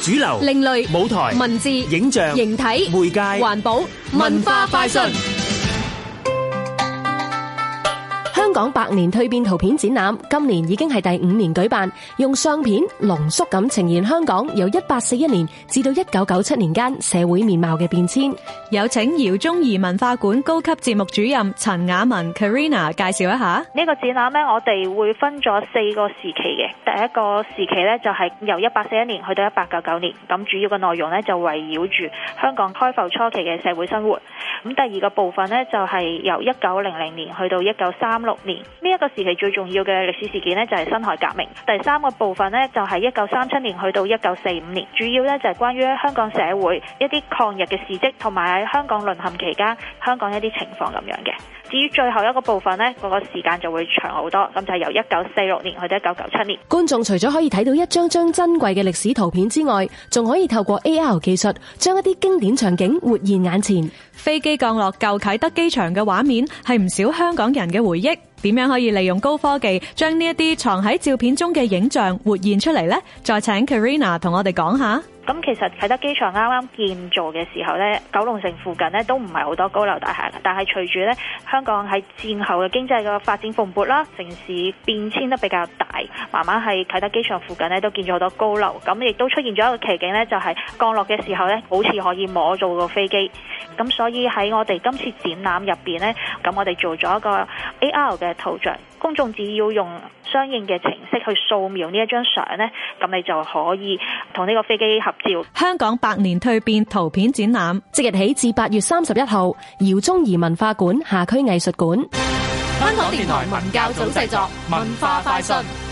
主流、另類、舞台、文字、影像、形體、媒介、環保、文化、快訊。港百年蛻變圖片展覽今年已經係第五年舉辦，用相片濃縮咁呈現香港由一八四一年至到一九九七年間社會面貌嘅變遷。有請饒宗頤文化館高級節目主任陳雅文 Karina 介紹一下呢個展覽咧，我哋會分咗四個時期嘅。第一個時期咧就係由一八四一年去到一八九九年，咁主要嘅內容咧就圍繞住香港開埠初期嘅社會生活。咁第二個部分呢，就係由一九零零年去到一九三六年，呢一個時期最重要嘅歷史事件呢，就係辛亥革命。第三個部分呢，就係一九三七年去到一九四五年，主要呢，就係關於香港社會一啲抗日嘅事蹟，同埋喺香港淪陷期間香港一啲情況咁樣嘅。至於最後一個部分呢，嗰個時間就會長好多，咁就係由一九四六年去到一九九七年。觀眾除咗可以睇到一張張珍貴嘅歷史圖片之外，仲可以透過 AR 技術，將一啲經典場景活現眼前。飛機降落舊啟德機場嘅畫面，係唔少香港人嘅回憶。點樣可以利用高科技將呢一啲藏喺照片中嘅影像活現出嚟呢？再請 Karina 同我哋講下。咁其實啟德機場啱啱建造嘅時候呢，九龍城附近呢都唔係好多高樓大廈嘅，但係隨住呢香港喺戰後嘅經濟嘅發展蓬勃啦，城市變遷得比較大，慢慢喺啟德機場附近呢都建咗好多高樓，咁亦都出現咗一個奇景呢，就係降落嘅時候呢，好似可以摸到個飛機。咁所以喺我哋今次展覽入邊咧，咁我哋做咗一個 AR 嘅圖像，公眾只要用相應嘅程式去掃描呢一張相咧，咁你就可以同呢個飛機合照。香港百年蛻變圖片展覽，即日起至八月三十一號，饒宗頤文化館下區藝術館。香港電台文教組製作，文化快訊。